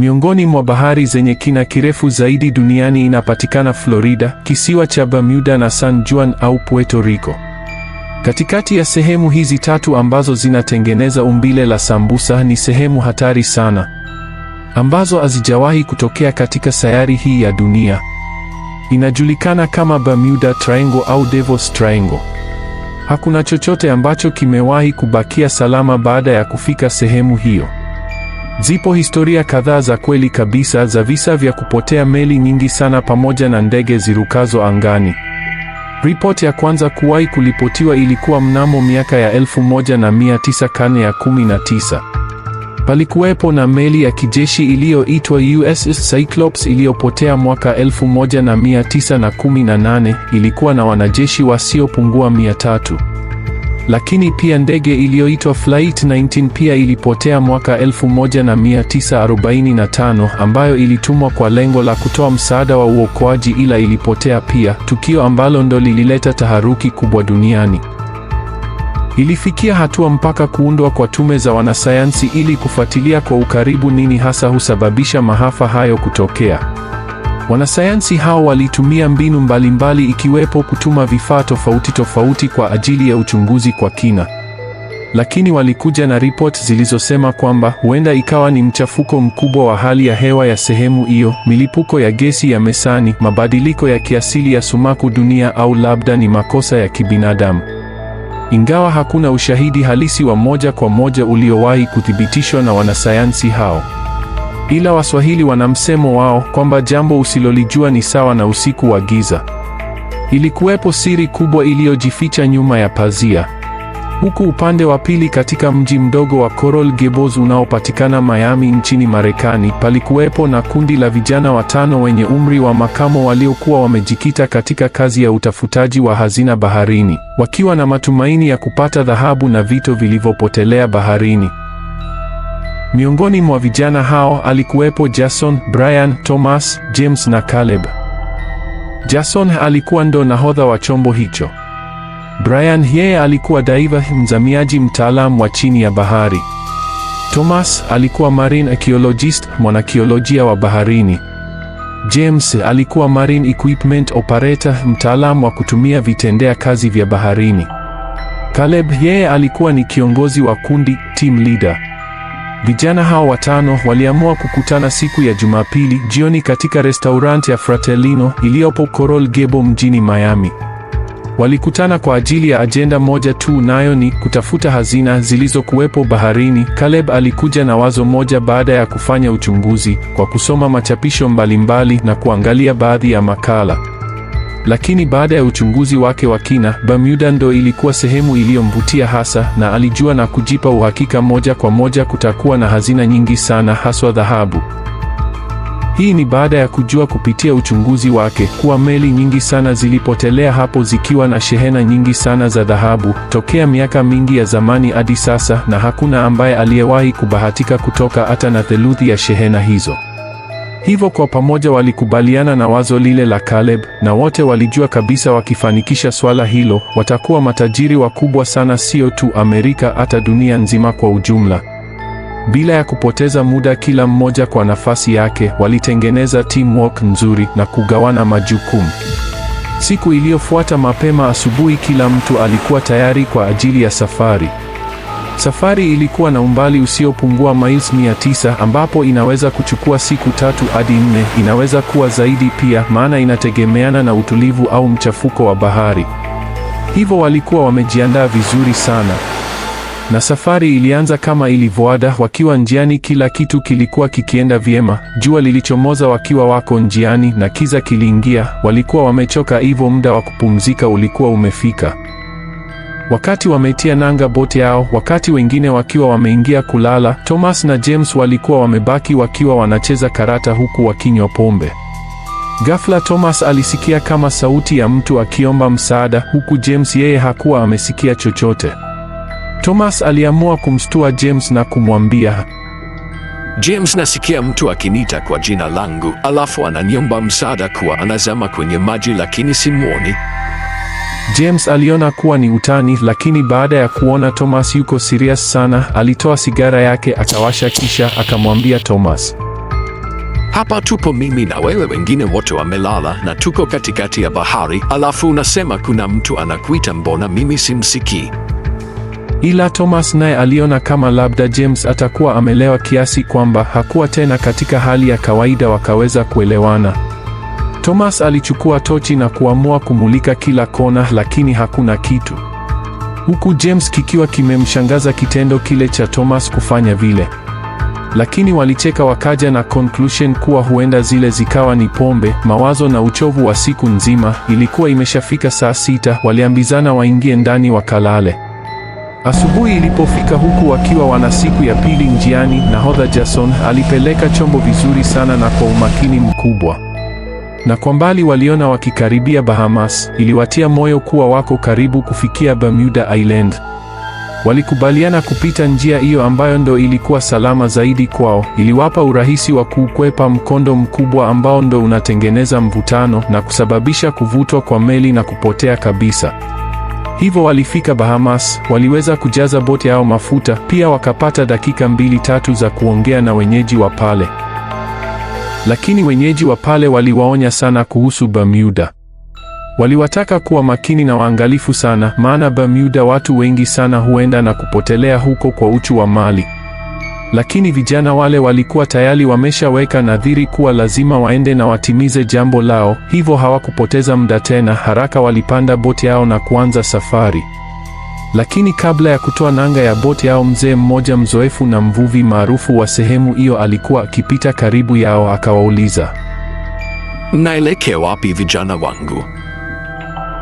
Miongoni mwa bahari zenye kina kirefu zaidi duniani inapatikana Florida, kisiwa cha Bermuda na San Juan au Puerto Rico. Katikati ya sehemu hizi tatu ambazo zinatengeneza umbile la sambusa ni sehemu hatari sana ambazo hazijawahi kutokea katika sayari hii ya dunia. Inajulikana kama Bermuda Triangle au Devil's Triangle. Hakuna chochote ambacho kimewahi kubakia salama baada ya kufika sehemu hiyo. Zipo historia kadhaa za kweli kabisa za visa vya kupotea meli nyingi sana pamoja na ndege zirukazo angani. Ripoti ya kwanza kuwahi kulipotiwa ilikuwa mnamo miaka ya elfu kane karne ya 19. Palikuwepo na meli ya kijeshi iliyoitwa USS Cyclops iliyopotea mwaka 1918. Ilikuwa na wanajeshi wasiopungua 300. Lakini pia ndege iliyoitwa Flight 19 pia ilipotea mwaka 1945 ambayo ilitumwa kwa lengo la kutoa msaada wa uokoaji ila ilipotea pia, tukio ambalo ndo lilileta taharuki kubwa duniani. Ilifikia hatua mpaka kuundwa kwa tume za wanasayansi ili kufuatilia kwa ukaribu nini hasa husababisha mahafa hayo kutokea. Wanasayansi hao walitumia mbinu mbalimbali ikiwepo kutuma vifaa tofauti tofauti kwa ajili ya uchunguzi kwa kina. Lakini walikuja na ripoti zilizosema kwamba huenda ikawa ni mchafuko mkubwa wa hali ya hewa ya sehemu hiyo, milipuko ya gesi ya mesani, mabadiliko ya kiasili ya sumaku dunia au labda ni makosa ya kibinadamu. Ingawa hakuna ushahidi halisi wa moja kwa moja uliowahi kuthibitishwa na wanasayansi hao. Ila Waswahili wana msemo wao kwamba jambo usilolijua ni sawa na usiku wa giza. Ilikuwepo siri kubwa iliyojificha nyuma ya pazia. Huku upande wa pili katika mji mdogo wa Coral Gables unaopatikana Miami nchini Marekani, palikuwepo na kundi la vijana watano wenye umri wa makamo waliokuwa wamejikita katika kazi ya utafutaji wa hazina baharini, wakiwa na matumaini ya kupata dhahabu na vito vilivyopotelea baharini. Miongoni mwa vijana hao alikuwepo Jason, Brian, Thomas, James na Caleb. Jason alikuwa ndo nahodha wa chombo hicho. Brian yeye alikuwa daiva, mzamiaji mtaalamu wa chini ya bahari. Thomas alikuwa marine archaeologist, mwanakiolojia wa baharini. James alikuwa marine equipment operator, mtaalamu wa kutumia vitendea kazi vya baharini. Caleb yeye alikuwa ni kiongozi wa kundi, team leader. Vijana hao watano waliamua kukutana siku ya Jumapili jioni katika restaurant ya Fratellino iliyopo Coral Gable mjini Miami. Walikutana kwa ajili ya ajenda moja tu, nayo ni kutafuta hazina zilizokuwepo baharini. Caleb alikuja na wazo moja baada ya kufanya uchunguzi kwa kusoma machapisho mbalimbali na kuangalia baadhi ya makala. Lakini baada ya uchunguzi wake wa kina, Bermuda ndo ilikuwa sehemu iliyomvutia hasa, na alijua na kujipa uhakika moja kwa moja kutakuwa na hazina nyingi sana, haswa dhahabu. Hii ni baada ya kujua kupitia uchunguzi wake kuwa meli nyingi sana zilipotelea hapo zikiwa na shehena nyingi sana za dhahabu tokea miaka mingi ya zamani hadi sasa, na hakuna ambaye aliyewahi kubahatika kutoka hata na theluthi ya shehena hizo. Hivyo kwa pamoja walikubaliana na wazo lile la Caleb, na wote walijua kabisa wakifanikisha swala hilo watakuwa matajiri wakubwa sana, sio tu Amerika, hata dunia nzima kwa ujumla. Bila ya kupoteza muda, kila mmoja kwa nafasi yake, walitengeneza teamwork nzuri na kugawana majukumu. Siku iliyofuata mapema asubuhi, kila mtu alikuwa tayari kwa ajili ya safari. Safari ilikuwa na umbali usiopungua miles 900 ambapo inaweza kuchukua siku tatu hadi nne, inaweza kuwa zaidi pia, maana inategemeana na utulivu au mchafuko wa bahari. Hivyo walikuwa wamejiandaa vizuri sana. Na safari ilianza kama ilivyoada. Wakiwa njiani, kila kitu kilikuwa kikienda vyema. Jua lilichomoza wakiwa wako njiani na kiza kiliingia. Walikuwa wamechoka, hivyo muda wa kupumzika ulikuwa umefika. Wakati wameitia nanga boti yao, wakati wengine wakiwa wameingia kulala, Thomas na James walikuwa wamebaki wakiwa wanacheza karata huku wakinywa pombe. Ghafla Thomas alisikia kama sauti ya mtu akiomba msaada, huku James yeye hakuwa amesikia chochote. Thomas aliamua kumstua James na kumwambia, James, nasikia mtu akiniita kwa jina langu, alafu ananiomba msaada kuwa anazama kwenye maji, lakini simwoni. James aliona kuwa ni utani, lakini baada ya kuona Thomas yuko serious sana, alitoa sigara yake akawasha, kisha akamwambia Thomas, hapa tupo mimi na wewe, wengine wote wamelala na tuko katikati ya bahari, alafu unasema kuna mtu anakuita, mbona mimi simsikii? Ila Thomas naye aliona kama labda James atakuwa amelewa kiasi kwamba hakuwa tena katika hali ya kawaida, wakaweza kuelewana. Thomas alichukua tochi na kuamua kumulika kila kona, lakini hakuna kitu, huku James kikiwa kimemshangaza kitendo kile cha Thomas kufanya vile. Lakini walicheka wakaja na conclusion kuwa huenda zile zikawa ni pombe, mawazo na uchovu wa siku nzima. Ilikuwa imeshafika saa sita, waliambizana waingie ndani wakalale. Asubuhi ilipofika huku wakiwa wana siku ya pili njiani, nahodha Jason alipeleka chombo vizuri sana na kwa umakini mkubwa na kwa mbali waliona wakikaribia Bahamas, iliwatia moyo kuwa wako karibu kufikia Bermuda Island. Walikubaliana kupita njia hiyo ambayo ndo ilikuwa salama zaidi kwao, iliwapa urahisi wa kuukwepa mkondo mkubwa ambao ndo unatengeneza mvutano na kusababisha kuvutwa kwa meli na kupotea kabisa. Hivyo walifika Bahamas, waliweza kujaza boti yao mafuta, pia wakapata dakika mbili tatu za kuongea na wenyeji wa pale. Lakini wenyeji wa pale waliwaonya sana kuhusu Bermuda. Waliwataka kuwa makini na waangalifu sana, maana Bermuda watu wengi sana huenda na kupotelea huko kwa uchu wa mali. Lakini vijana wale walikuwa tayari wameshaweka nadhiri kuwa lazima waende na watimize jambo lao, hivyo hawakupoteza muda tena. Haraka walipanda boti yao na kuanza safari. Lakini kabla ya kutoa nanga ya boti yao, mzee mmoja mzoefu na mvuvi maarufu wa sehemu hiyo alikuwa akipita karibu yao, akawauliza, mnaelekea wapi vijana wangu?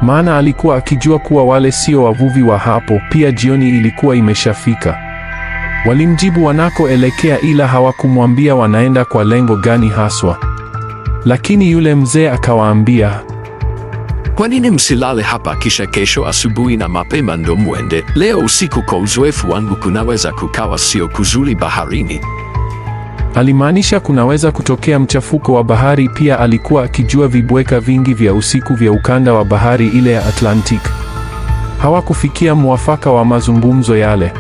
Maana alikuwa akijua kuwa wale sio wavuvi wa hapo, pia jioni ilikuwa imeshafika. Walimjibu wanakoelekea, ila hawakumwambia wanaenda kwa lengo gani haswa. Lakini yule mzee akawaambia kwa nini msilale hapa kisha kesho asubuhi na mapema ndo mwende? Leo usiku kwa uzoefu wangu kunaweza kukawa sio kuzuri baharini. Alimaanisha kunaweza kutokea mchafuko wa bahari. Pia alikuwa akijua vibweka vingi vya usiku vya ukanda wa bahari ile ya Atlantic. Hawakufikia mwafaka wa mazungumzo yale.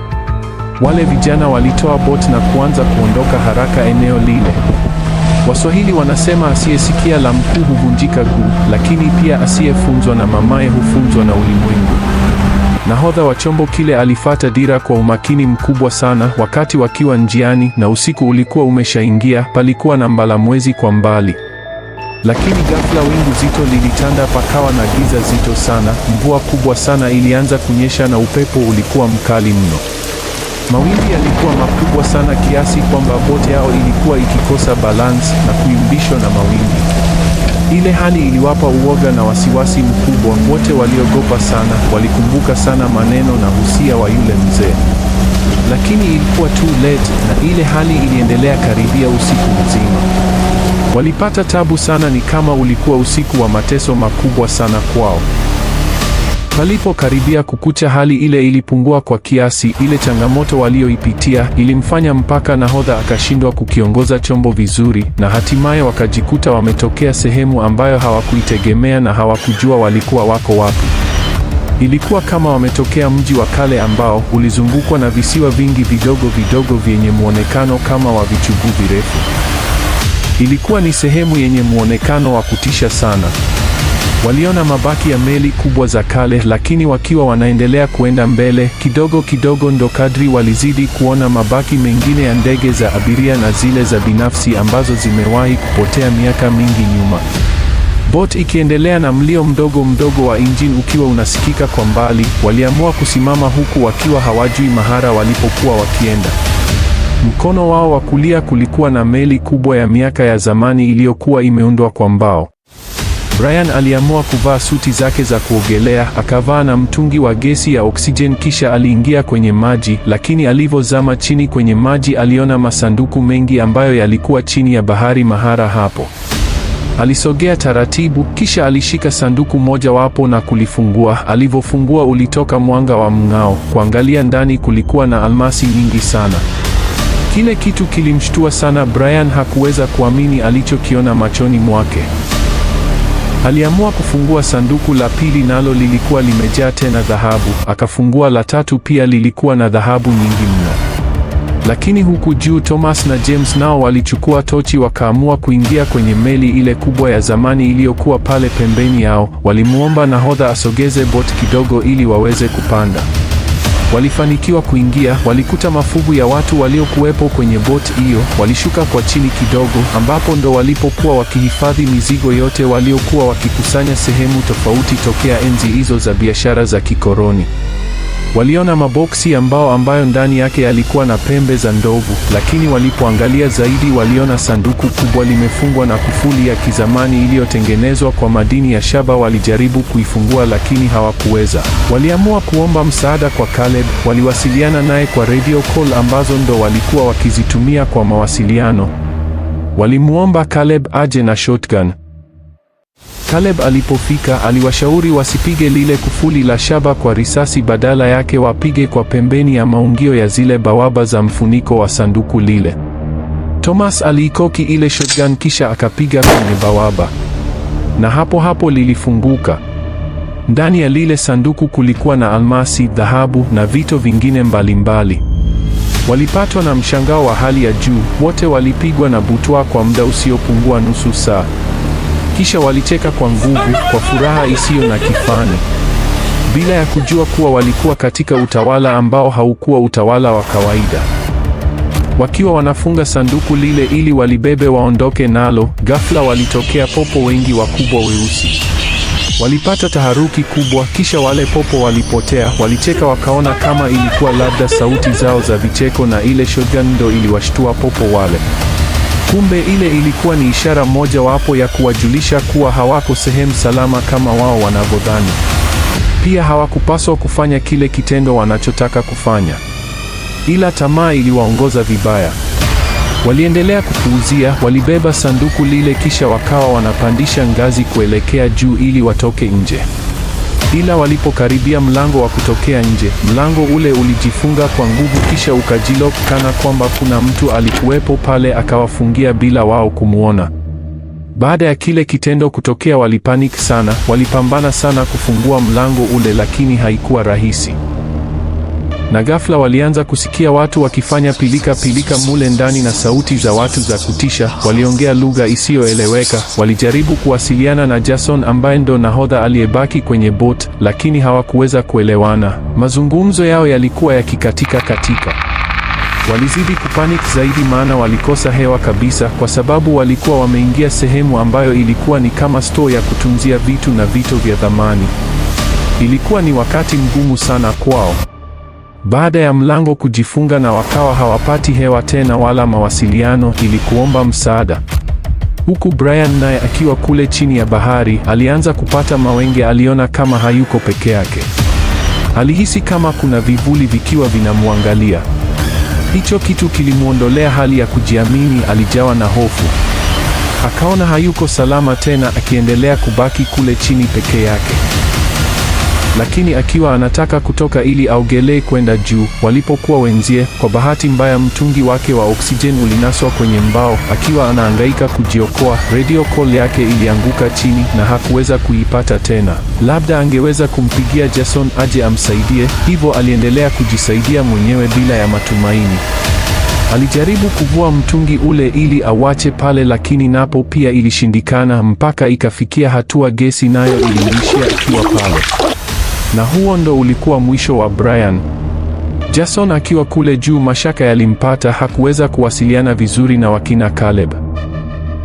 Wale vijana walitoa bot na kuanza kuondoka haraka eneo lile. Waswahili wanasema asiyesikia la mkuu huvunjika guu, lakini pia asiyefunzwa na mamaye hufunzwa na ulimwengu. Nahodha wa chombo kile alifata dira kwa umakini mkubwa sana. Wakati wakiwa njiani na usiku ulikuwa umeshaingia, palikuwa na mbalamwezi kwa mbali, lakini ghafla wingu zito lilitanda, pakawa na giza zito sana. Mvua kubwa sana ilianza kunyesha na upepo ulikuwa mkali mno. Mawimbi yalikuwa makubwa sana kiasi kwamba boti yao ilikuwa ikikosa balance na kuyumbishwa na mawimbi. Ile hali iliwapa uoga na wasiwasi mkubwa. Wote waliogopa sana, walikumbuka sana maneno na husia wa yule mzee, lakini ilikuwa too late, na ile hali iliendelea karibia usiku mzima. Walipata tabu sana, ni kama ulikuwa usiku wa mateso makubwa sana kwao. Palipokaribia kukucha, hali ile ilipungua kwa kiasi. Ile changamoto walioipitia ilimfanya mpaka nahodha akashindwa kukiongoza chombo vizuri, na hatimaye wakajikuta wametokea sehemu ambayo hawakuitegemea na hawakujua walikuwa wako wapi. Ilikuwa kama wametokea mji wa kale ambao ulizungukwa na visiwa vingi vidogo vidogo vyenye muonekano kama wa vichuguu virefu. Ilikuwa ni sehemu yenye muonekano wa kutisha sana. Waliona mabaki ya meli kubwa za kale, lakini wakiwa wanaendelea kuenda mbele kidogo kidogo, ndo kadri walizidi kuona mabaki mengine ya ndege za abiria na zile za binafsi ambazo zimewahi kupotea miaka mingi nyuma. Bot ikiendelea na mlio mdogo mdogo wa injini ukiwa unasikika kwa mbali, waliamua kusimama huku wakiwa hawajui mahara walipokuwa wakienda. Mkono wao wa kulia kulikuwa na meli kubwa ya miaka ya zamani iliyokuwa imeundwa kwa mbao. Brian aliamua kuvaa suti zake za kuogelea, akavaa na mtungi wa gesi ya oksijeni, kisha aliingia kwenye maji, lakini alivyozama chini kwenye maji aliona masanduku mengi ambayo yalikuwa chini ya bahari mahara hapo. Alisogea taratibu, kisha alishika sanduku moja wapo na kulifungua. Alivyofungua ulitoka mwanga wa mng'ao. Kuangalia ndani, kulikuwa na almasi nyingi sana. Kile kitu kilimshtua sana Brian, hakuweza kuamini alichokiona machoni mwake. Aliamua kufungua sanduku la pili, nalo lilikuwa limejaa tena dhahabu. Akafungua la tatu, pia lilikuwa na dhahabu nyingi mno. Lakini huku juu, Thomas na James nao walichukua tochi, wakaamua kuingia kwenye meli ile kubwa ya zamani iliyokuwa pale pembeni yao. Walimwomba nahodha asogeze boti kidogo ili waweze kupanda. Walifanikiwa kuingia, walikuta mafuvu ya watu waliokuwepo kwenye boti hiyo, walishuka kwa chini kidogo, ambapo ndo walipokuwa wakihifadhi mizigo yote waliokuwa wakikusanya sehemu tofauti tokea enzi hizo za biashara za kikoroni. Waliona maboksi ya mbao ambayo ndani yake yalikuwa na pembe za ndovu, lakini walipoangalia zaidi waliona sanduku kubwa limefungwa na kufuli ya kizamani iliyotengenezwa kwa madini ya shaba. Walijaribu kuifungua lakini hawakuweza. Waliamua kuomba msaada kwa Caleb, waliwasiliana naye kwa radio call ambazo ndo walikuwa wakizitumia kwa mawasiliano. Walimwomba Caleb aje na shotgun. Caleb alipofika aliwashauri wasipige lile kufuli la shaba kwa risasi, badala yake wapige kwa pembeni ya maungio ya zile bawaba za mfuniko wa sanduku lile. Thomas aliikoki ile shotgun kisha akapiga kwenye bawaba, na hapo hapo lilifunguka. Ndani ya lile sanduku kulikuwa na almasi, dhahabu na vito vingine mbalimbali. Walipatwa na mshangao wa hali ya juu, wote walipigwa na butwa kwa muda usiopungua nusu saa. Kisha walicheka kwa nguvu, kwa furaha isiyo na kifani, bila ya kujua kuwa walikuwa katika utawala ambao haukuwa utawala wa kawaida. Wakiwa wanafunga sanduku lile ili walibebe waondoke nalo, ghafla walitokea popo wengi wakubwa weusi. Walipata taharuki kubwa, kisha wale popo walipotea. Walicheka wakaona kama ilikuwa labda sauti zao za vicheko na ile shotgun ndo iliwashtua popo wale. Kumbe ile ilikuwa ni ishara moja wapo ya kuwajulisha kuwa hawako sehemu salama kama wao wanavyodhani. Pia hawakupaswa kufanya kile kitendo wanachotaka kufanya, ila tamaa iliwaongoza vibaya. Waliendelea kupuuzia, walibeba sanduku lile kisha wakawa wanapandisha ngazi kuelekea juu ili watoke nje. Ila walipokaribia mlango wa kutokea nje, mlango ule ulijifunga kwa nguvu, kisha ukajilok, kana kwamba kuna mtu alikuwepo pale akawafungia bila wao kumwona. Baada ya kile kitendo kutokea, walipanik sana, walipambana sana kufungua mlango ule, lakini haikuwa rahisi na ghafla walianza kusikia watu wakifanya pilika pilika mule ndani, na sauti za watu za kutisha. Waliongea lugha isiyoeleweka, walijaribu kuwasiliana na Jason ambaye ndo nahodha aliyebaki kwenye bot lakini hawakuweza kuelewana. Mazungumzo yao yalikuwa yakikatika katika. Walizidi kupanik zaidi, maana walikosa hewa kabisa, kwa sababu walikuwa wameingia sehemu ambayo ilikuwa ni kama store ya kutunzia vitu na vito vya thamani. Ilikuwa ni wakati mgumu sana kwao. Baada ya mlango kujifunga na wakawa hawapati hewa tena wala mawasiliano, ili kuomba msaada. Huku Brian naye akiwa kule chini ya bahari, alianza kupata mawenge. Aliona kama hayuko peke yake, alihisi kama kuna vivuli vikiwa vinamwangalia. Hicho kitu kilimwondolea hali ya kujiamini, alijawa na hofu. Akaona hayuko salama tena akiendelea kubaki kule chini peke yake lakini akiwa anataka kutoka ili aogelee kwenda juu walipokuwa wenzie, kwa bahati mbaya mtungi wake wa oksijeni ulinaswa kwenye mbao. Akiwa anaangaika kujiokoa, radio call yake ilianguka chini na hakuweza kuipata tena. Labda angeweza kumpigia Jason aje amsaidie, hivyo aliendelea kujisaidia mwenyewe bila ya matumaini. Alijaribu kuvua mtungi ule ili awache pale, lakini napo pia ilishindikana, mpaka ikafikia hatua gesi nayo iliishia ikiwa pale. Na huo ndo ulikuwa mwisho wa Brian. Jason akiwa kule juu, mashaka yalimpata. Hakuweza kuwasiliana vizuri na wakina Caleb.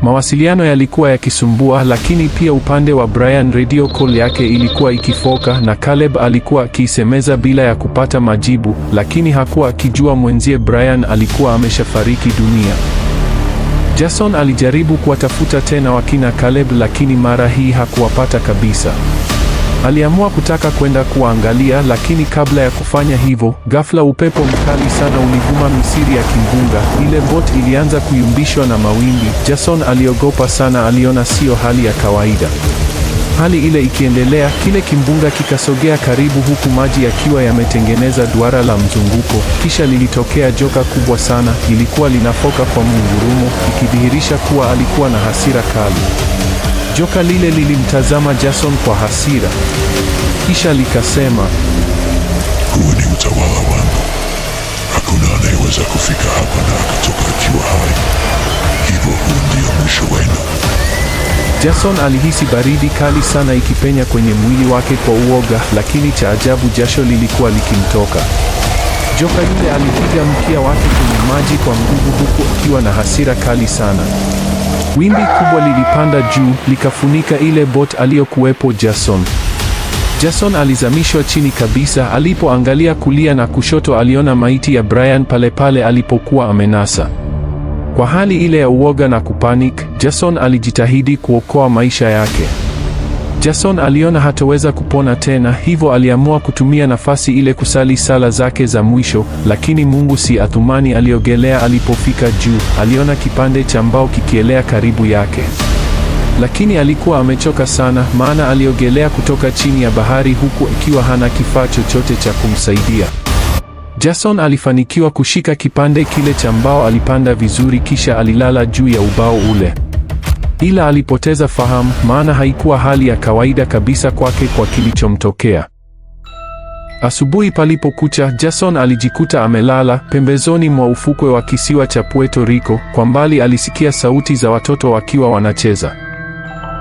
Mawasiliano yalikuwa yakisumbua, lakini pia upande wa Brian radio call yake ilikuwa ikifoka, na Caleb alikuwa akiisemeza bila ya kupata majibu, lakini hakuwa akijua mwenzie Brian alikuwa ameshafariki dunia. Jason alijaribu kuwatafuta tena wakina Caleb, lakini mara hii hakuwapata kabisa. Aliamua kutaka kwenda kuwaangalia, lakini kabla ya kufanya hivyo, ghafla upepo mkali sana ulivuma misiri ya kimbunga. Ile bot ilianza kuyumbishwa na mawimbi. Jason aliogopa sana, aliona siyo hali ya kawaida. Hali ile ikiendelea, kile kimbunga kikasogea karibu, huku maji yakiwa yametengeneza duara la mzunguko. Kisha lilitokea joka kubwa sana, ilikuwa linafoka kwa mungurumo, ikidhihirisha kuwa alikuwa na hasira kali. Joka lile lilimtazama Jason kwa hasira, kisha likasema, huu ni utawala wangu, hakuna anayeweza kufika hapa na akatoka akiwa hai, hivyo huu ndio mwisho wenu. Jason alihisi baridi kali sana ikipenya kwenye mwili wake kwa uoga, lakini cha ajabu jasho lilikuwa likimtoka. Joka yule alipiga mkia wake kwenye maji kwa nguvu, huku akiwa na hasira kali sana. Wimbi kubwa lilipanda juu likafunika ile bot aliyokuwepo Jason. Jason alizamishwa chini kabisa. Alipoangalia kulia na kushoto, aliona maiti ya Brian pale pale alipokuwa amenasa. Kwa hali ile ya uoga na kupanik Jason alijitahidi kuokoa maisha yake. Jason aliona hataweza kupona tena, hivyo aliamua kutumia nafasi ile kusali sala zake za mwisho, lakini Mungu si athumani aliogelea. Alipofika juu, aliona kipande cha mbao kikielea karibu yake, lakini alikuwa amechoka sana, maana aliogelea kutoka chini ya bahari huku akiwa hana kifaa chochote cha kumsaidia. Jason alifanikiwa kushika kipande kile cha mbao, alipanda vizuri, kisha alilala juu ya ubao ule ila alipoteza fahamu, maana haikuwa hali ya kawaida kabisa kwake kwa kilichomtokea. Asubuhi palipokucha, Jason alijikuta amelala pembezoni mwa ufukwe wa kisiwa cha Puerto Rico. Kwa mbali alisikia sauti za watoto wakiwa wanacheza.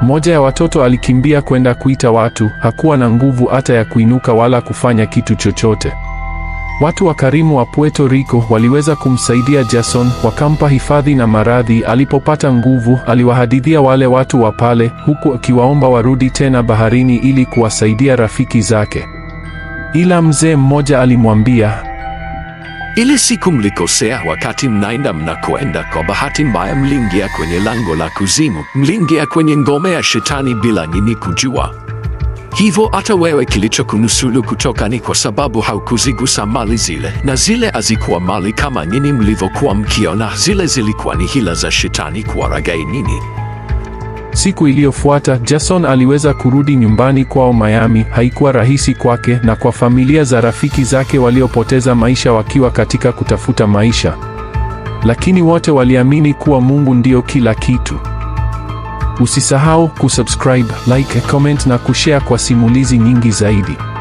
Mmoja ya watoto alikimbia kwenda kuita watu, hakuwa na nguvu hata ya kuinuka wala kufanya kitu chochote. Watu wakarimu wa Puerto Rico waliweza kumsaidia Jason, wakampa hifadhi na maradhi. Alipopata nguvu, aliwahadithia wale watu wa pale, huku akiwaomba warudi tena baharini ili kuwasaidia rafiki zake. Ila mzee mmoja alimwambia, ile siku mlikosea, wakati mnaenda mnakoenda, kwa bahati mbaya mlingia kwenye lango la kuzimu, mlingia kwenye ngome ya shetani bila nini kujua. Hivyo hata wewe, kilichokunusulu kutoka ni kwa sababu haukuzigusa mali zile, na zile hazikuwa mali kama nyinyi mlivyokuwa mkiona. Zile zilikuwa ni hila za shetani kuwaragai nini Siku iliyofuata Jason aliweza kurudi nyumbani kwao Miami. Haikuwa rahisi kwake na kwa familia za rafiki zake waliopoteza maisha wakiwa katika kutafuta maisha, lakini wote waliamini kuwa Mungu ndio kila kitu. Usisahau kusubscribe, like, comment na kushare kwa simulizi nyingi zaidi.